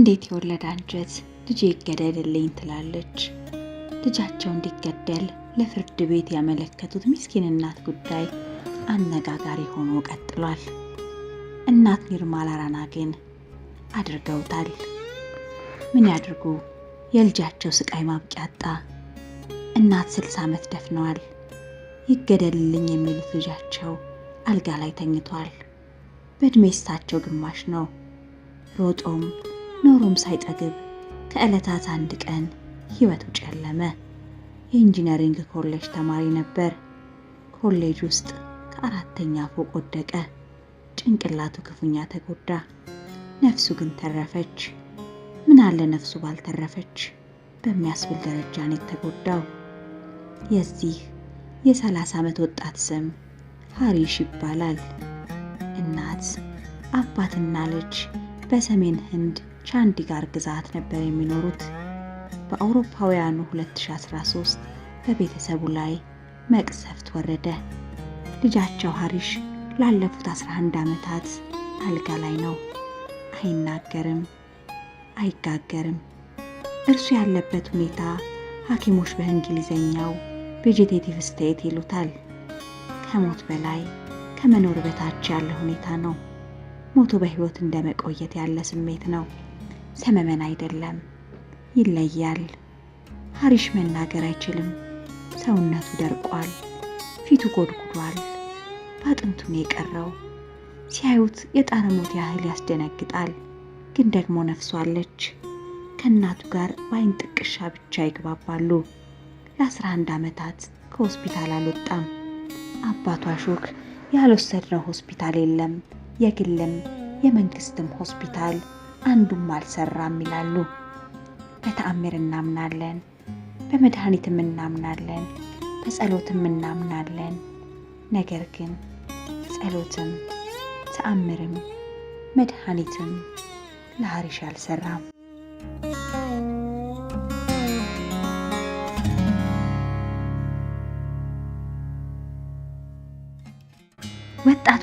እንዴት የወለደ አንጀት ልጅ ይገደልልኝ ትላለች። ልጃቸው እንዲገደል ለፍርድ ቤት ያመለከቱት ምስኪን እናት ጉዳይ አነጋጋሪ ሆኖ ቀጥሏል። እናት ኒርማል አራና ግን አድርገውታል። ምን ያድርጉ? የልጃቸው ስቃይ ማብቂያ አጣ። እናት ስልሳ ዓመት ደፍነዋል። ይገደልልኝ የሚሉት ልጃቸው አልጋ ላይ ተኝቷል። በእድሜ እሳቸው ግማሽ ነው። ሮጦም ኖሮም ሳይጠግብ ከዕለታት አንድ ቀን ሕይወቱ ጨለመ። የኢንጂነሪንግ ኮሌጅ ተማሪ ነበር። ኮሌጅ ውስጥ ከአራተኛ ፎቅ ወደቀ። ጭንቅላቱ ክፉኛ ተጎዳ። ነፍሱ ግን ተረፈች። አለ ነፍሱ ባልተረፈች በሚያስብል ደረጃ ነው የተጎዳው። የዚህ የ30 ዓመት ወጣት ስም ሀሪሽ ይባላል። እናት አባትና ልጅ በሰሜን ህንድ ቻንዲጋር ግዛት ነበር የሚኖሩት። በአውሮፓውያኑ 2013 በቤተሰቡ ላይ መቅሰፍት ወረደ። ልጃቸው ሀሪሽ ላለፉት 11 ዓመታት አልጋ ላይ ነው። አይናገርም፣ አይጋገርም። እርሱ ያለበት ሁኔታ ሐኪሞች በእንግሊዘኛው ቬጀቴቲቭ ስቴት ይሉታል። ከሞት በላይ ከመኖር በታች ያለ ሁኔታ ነው። ሞቶ በህይወት እንደመቆየት ያለ ስሜት ነው። ሰመመን አይደለም፣ ይለያል። ሀሪሽ መናገር አይችልም። ሰውነቱ ደርቋል፣ ፊቱ ጎድጉዷል። በአጥንቱ ነው የቀረው። ሲያዩት የጣረ ሞት ያህል ያስደነግጣል። ግን ደግሞ ነፍሷ አለች። ከእናቱ ጋር በአይን ጥቅሻ ብቻ ይግባባሉ። ለአስራ አንድ ዓመታት ከሆስፒታል አልወጣም። አባቷ ሾክ ያልወሰድነው ሆስፒታል የለም። የግልም የመንግስትም ሆስፒታል አንዱም አልሰራም ይላሉ። በተአምር እናምናለን፣ በመድኃኒትም እናምናለን፣ በጸሎትም እናምናለን። ነገር ግን ጸሎትም ተአምርም መድኃኒትም ለሀሪሽ አልሰራም።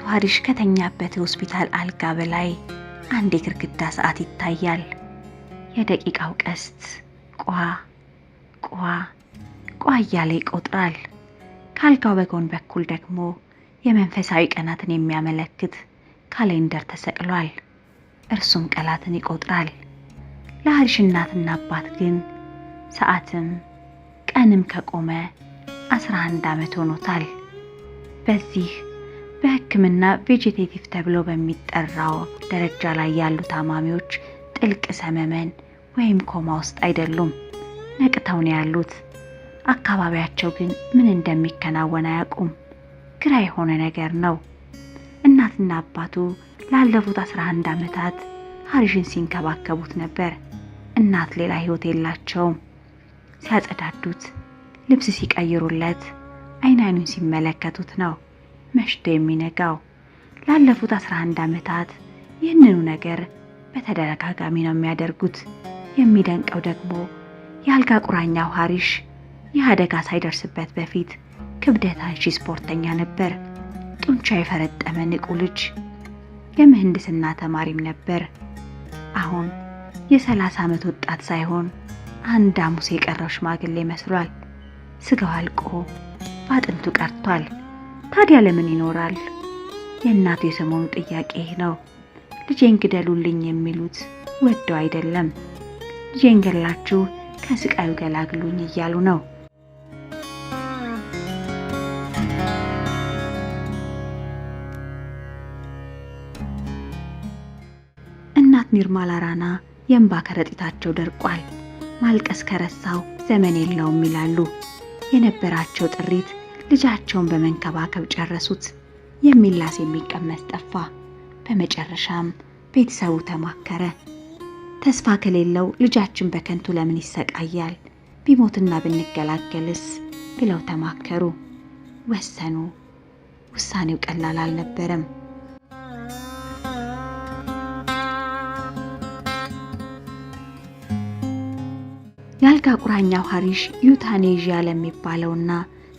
ጀዋሪሽ ከተኛበት ሆስፒታል አልጋ በላይ አንድ የግርግዳ ሰዓት ይታያል። የደቂቃው ቀስት ቋ ቋ ቋ እያለ ይቆጥራል። ከአልጋው በጎን በኩል ደግሞ የመንፈሳዊ ቀናትን የሚያመለክት ካሌንደር ተሰቅሏል። እርሱም ቀላትን ይቆጥራል። ለሀሪሽ እናትና አባት ግን ሰዓትም ቀንም ከቆመ 11 ዓመት ሆኖታል። በዚህ በሕክምና ቬጀቴቲቭ ተብሎ በሚጠራው ደረጃ ላይ ያሉ ታማሚዎች ጥልቅ ሰመመን ወይም ኮማ ውስጥ አይደሉም፣ ነቅተው ነው ያሉት። አካባቢያቸው ግን ምን እንደሚከናወን አያውቁም። ግራ የሆነ ነገር ነው። እናትና አባቱ ላለፉት 11 ዓመታት ሀሪሽን ሲንከባከቡት ነበር። እናት ሌላ ህይወት የላቸውም። ሲያጸዳዱት፣ ልብስ ሲቀይሩለት፣ አይን አይኑን ሲመለከቱት ነው። መሽቶ የሚነጋው። ላለፉት 11 ዓመታት ይህንኑ ነገር በተደጋጋሚ ነው የሚያደርጉት። የሚደንቀው ደግሞ የአልጋ ቁራኛው ሀሪሽ ይህ አደጋ ሳይደርስበት በፊት ክብደት አንሺ ስፖርተኛ ነበር። ጡንቻ የፈረጠመ ንቁ ልጅ፣ የምህንድስና ተማሪም ነበር። አሁን የ30 ዓመት ወጣት ሳይሆን አንድ ሐሙስ የቀረው ሽማግሌ መስሏል። ስጋው አልቆ በአጥንቱ ቀርቷል። ታዲያ ለምን ይኖራል? የእናቱ የሰሞኑ ጥያቄ ነው። ልጄን ግደሉልኝ የሚሉት ወደው አይደለም። ልጄን ገላችሁ ከስቃዩ ገላግሉኝ እያሉ ነው። እናት ኒርማላ ራና የእንባ ከረጢታቸው ደርቋል። ማልቀስ ከረሳው ዘመን የለውም ይላሉ። የነበራቸው ጥሪት ልጃቸውን በመንከባከብ ጨረሱት። የሚላስ የሚቀመስ ጠፋ። በመጨረሻም ቤተሰቡ ተማከረ። ተስፋ ከሌለው ልጃችን በከንቱ ለምን ይሰቃያል? ቢሞትና ብንገላገልስ? ብለው ተማከሩ፣ ወሰኑ። ውሳኔው ቀላል አልነበረም። የአልጋ ቁራኛው ሀሪሽ ዩታኔዥያ ለሚባለውና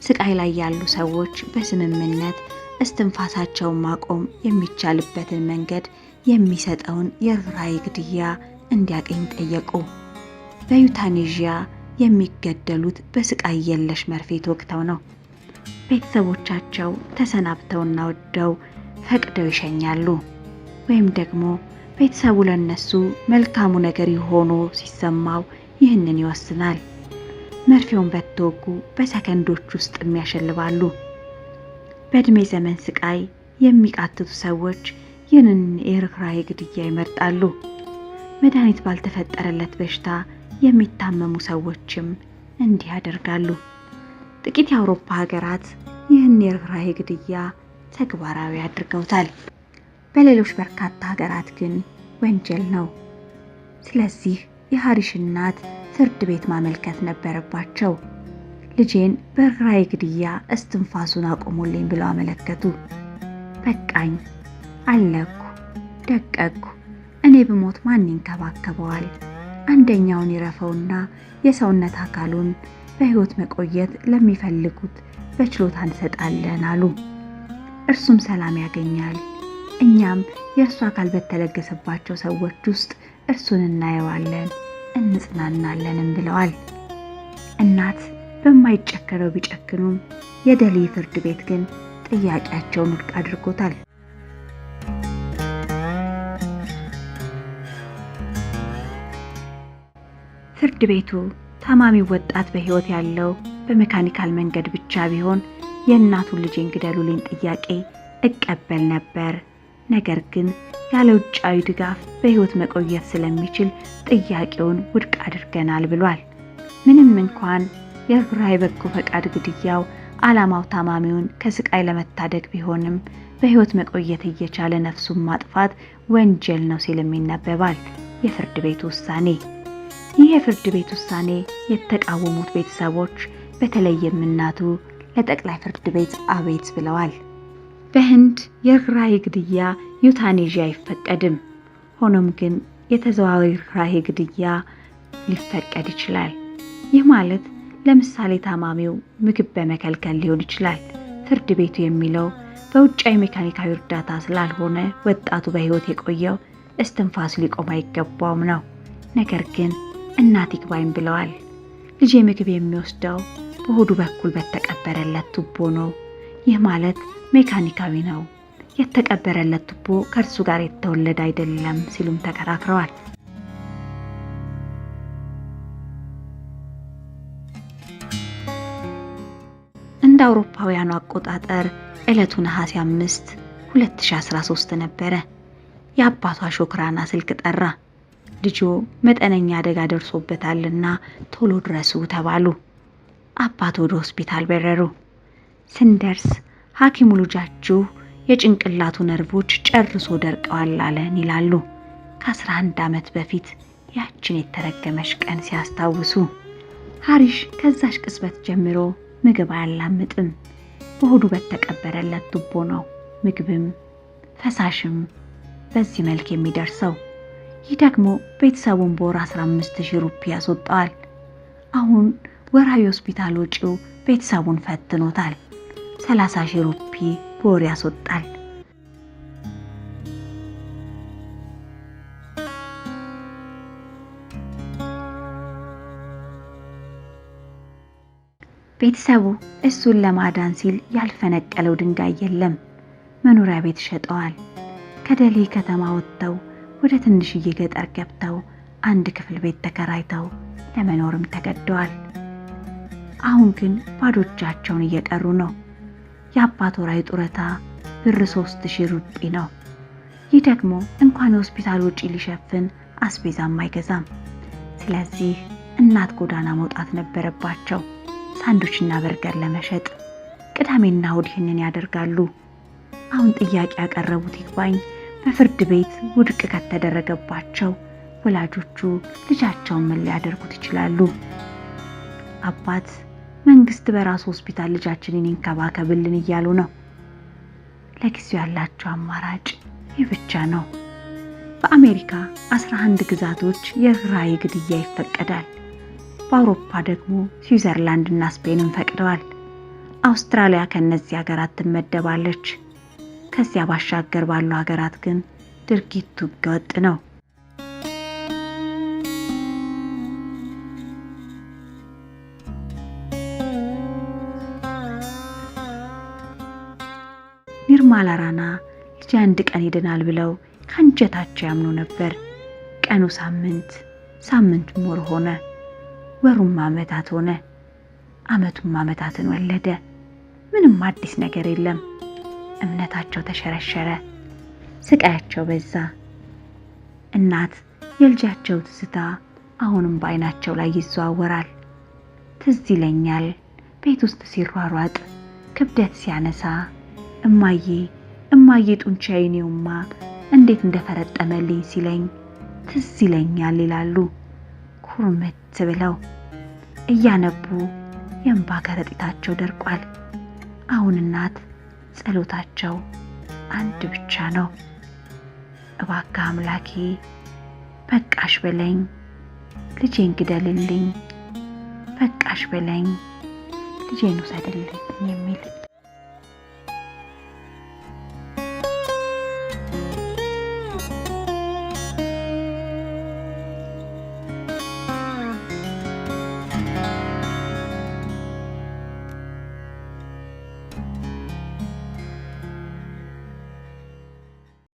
ስቃይ ላይ ያሉ ሰዎች በስምምነት እስትንፋሳቸውን ማቆም የሚቻልበትን መንገድ የሚሰጠውን የራይ ግድያ እንዲያገኝ ጠየቁ። በዩታኔዥያ የሚገደሉት በስቃይ የለሽ መርፌ ተወግተው ነው። ቤተሰቦቻቸው ተሰናብተውና ወደው ፈቅደው ይሸኛሉ። ወይም ደግሞ ቤተሰቡ ለነሱ መልካሙ ነገር የሆኖ ሲሰማው ይህንን ይወስናል። መርፌውን በተወጉ በሰከንዶች ውስጥ የሚያሸልባሉ። በዕድሜ ዘመን ስቃይ የሚቃትቱ ሰዎች ይህንን የርኅራኄ ግድያ ይመርጣሉ። መድኃኒት ባልተፈጠረለት በሽታ የሚታመሙ ሰዎችም እንዲህ ያደርጋሉ። ጥቂት የአውሮፓ ሀገራት ይህን የርኅራኄ ግድያ ተግባራዊ አድርገውታል። በሌሎች በርካታ ሀገራት ግን ወንጀል ነው። ስለዚህ የሐሪሽ እናት ፍርድ ቤት ማመልከት ነበረባቸው። ልጄን በራይ ግድያ እስትንፋሱን አቆሙልኝ ብለው አመለከቱ። በቃኝ፣ አለኩ፣ ደቀኩ። እኔ ብሞት ማን ይንከባከበዋል? አንደኛውን ይረፈውና የሰውነት አካሉን በሕይወት መቆየት ለሚፈልጉት በችሎታ እንሰጣለን አሉ። እርሱም ሰላም ያገኛል። እኛም የእርሱ አካል በተለገሰባቸው ሰዎች ውስጥ እርሱን እናየዋለን። እንጽናናለንም ብለዋል። እናት በማይጨከረው ቢጨክኑም የደሊ ፍርድ ቤት ግን ጥያቄያቸውን ውድቅ አድርጎታል። ፍርድ ቤቱ ታማሚው ወጣት በሕይወት ያለው በመካኒካል መንገድ ብቻ ቢሆን የእናቱን ልጅ እንግደሉልኝ ጥያቄ እቀበል ነበር፣ ነገር ግን ያለ ውጫዊ ድጋፍ በሕይወት መቆየት ስለሚችል ጥያቄውን ውድቅ አድርገናል ብሏል። ምንም እንኳን የርኅራኄ በጎ ፈቃድ ግድያው ዓላማው ታማሚውን ከስቃይ ለመታደግ ቢሆንም በሕይወት መቆየት እየቻለ ነፍሱን ማጥፋት ወንጀል ነው ሲልም ይነበባል የፍርድ ቤት ውሳኔ። ይህ የፍርድ ቤት ውሳኔ የተቃወሙት ቤተሰቦች በተለይም እናቱ ለጠቅላይ ፍርድ ቤት አቤት ብለዋል። በህንድ የርኅራኄ ግድያ ዩታኔዥ አይፈቀድም። ሆኖም ግን የተዘዋዋሪ ርህራሄ ግድያ ሊፈቀድ ይችላል። ይህ ማለት ለምሳሌ ታማሚው ምግብ በመከልከል ሊሆን ይችላል። ፍርድ ቤቱ የሚለው በውጫዊ ሜካኒካዊ እርዳታ ስላልሆነ ወጣቱ በህይወት የቆየው እስትንፋስ ሊቆም አይገባውም ነው። ነገር ግን እናት ይግባኝ ብለዋል። ልጄ ምግብ የሚወስደው በሆዱ በኩል በተቀበረለት ቱቦ ነው። ይህ ማለት ሜካኒካዊ ነው የተቀበረለት ቱቦ ከእርሱ ጋር የተወለደ አይደለም ሲሉም ተከራክረዋል። እንደ አውሮፓውያኑ አቆጣጠር ዕለቱ ነሐሴ 5 2013 ነበረ። የአባቷ ሾክራና ስልክ ጠራ። ልጆ መጠነኛ አደጋ ደርሶበታልና ቶሎ ድረሱ ተባሉ። አባት ወደ ሆስፒታል በረሩ። ስንደርስ ሐኪሙ ልጃችሁ የጭንቅላቱ ነርቮች ጨርሶ ደርቀዋል አለን ይላሉ ከ ከ11 ዓመት በፊት ያችን የተረገመች ቀን ሲያስታውሱ። ሀሪሽ ከዛች ቅጽበት ጀምሮ ምግብ አያላምጥም። በሆዱ በተቀበረለት ቱቦ ነው ምግብም ፈሳሽም በዚህ መልክ የሚደርሰው። ይህ ደግሞ ቤተሰቡን በወር 15 ሺህ ሩፒ ያስወጣዋል። አሁን ወራዊ ሆስፒታል ወጪው ቤተሰቡን ፈትኖታል። 30 ሺህ ሩፒ ቦር ያስወጣል። ቤተሰቡ እሱን ለማዳን ሲል ያልፈነቀለው ድንጋይ የለም። መኖሪያ ቤት ሸጠዋል። ከደሌ ከተማ ወጥተው ወደ ትንሽዬ ገጠር ገብተው አንድ ክፍል ቤት ተከራይተው ለመኖርም ተገደዋል። አሁን ግን ባዶ እጃቸውን እየቀሩ ነው። የአባት ወራይ ጡረታ ብር ሶስት ሺህ ሩጲ ነው። ይህ ደግሞ እንኳን የሆስፒታል ወጪ ሊሸፍን አስቤዛም አይገዛም። ስለዚህ እናት ጎዳና መውጣት ነበረባቸው ሳንዱችና በርገር ለመሸጥ። ቅዳሜና እሁድ ይህንን ያደርጋሉ። አሁን ጥያቄ ያቀረቡት ይግባኝ በፍርድ ቤት ውድቅ ከተደረገባቸው ወላጆቹ ልጃቸውን ምን ሊያደርጉት ይችላሉ? አባት መንግስት በራሱ ሆስፒታል ልጃችንን ይንከባከብልን እያሉ ነው። ለጊዜው ያላቸው አማራጭ ይህ ብቻ ነው። በአሜሪካ 11 ግዛቶች የራዕይ ግድያ ይፈቀዳል። በአውሮፓ ደግሞ ስዊዘርላንድ እና ስፔንም ፈቅደዋል። አውስትራሊያ ከእነዚህ ሀገራት ትመደባለች። ከዚያ ባሻገር ባሉ ሀገራት ግን ድርጊቱ ህገወጥ ነው። ማላራና ልጅ አንድ ቀን ይድናል ብለው ከአንጀታቸው ያምኑ ነበር። ቀኑ ሳምንት፣ ሳምንቱም ወር ሆነ። ወሩም ዓመታት ሆነ። ዓመቱም ዓመታትን ወለደ። ምንም አዲስ ነገር የለም። እምነታቸው ተሸረሸረ፣ ስቃያቸው በዛ። እናት የልጃቸው ትዝታ አሁንም በዓይናቸው ላይ ይዘዋወራል። ትዝ ይለኛል ቤት ውስጥ ሲሯሯጥ ክብደት ሲያነሳ እማዬ እማዬ ጡንቻዬን እማ እንዴት እንደፈረጠመልኝ ሲለኝ ትዝ ይለኛል ይላሉ ኩርምት ብለው እያነቡ የእንባ ከረጢታቸው ደርቋል። አሁን እናት ጸሎታቸው አንድ ብቻ ነው፣ እባካ አምላኬ በቃሽ በለኝ፣ ልጄን ግደልልኝ፣ በቃሽ በለኝ፣ ልጄን ውሰድልኝ የሚል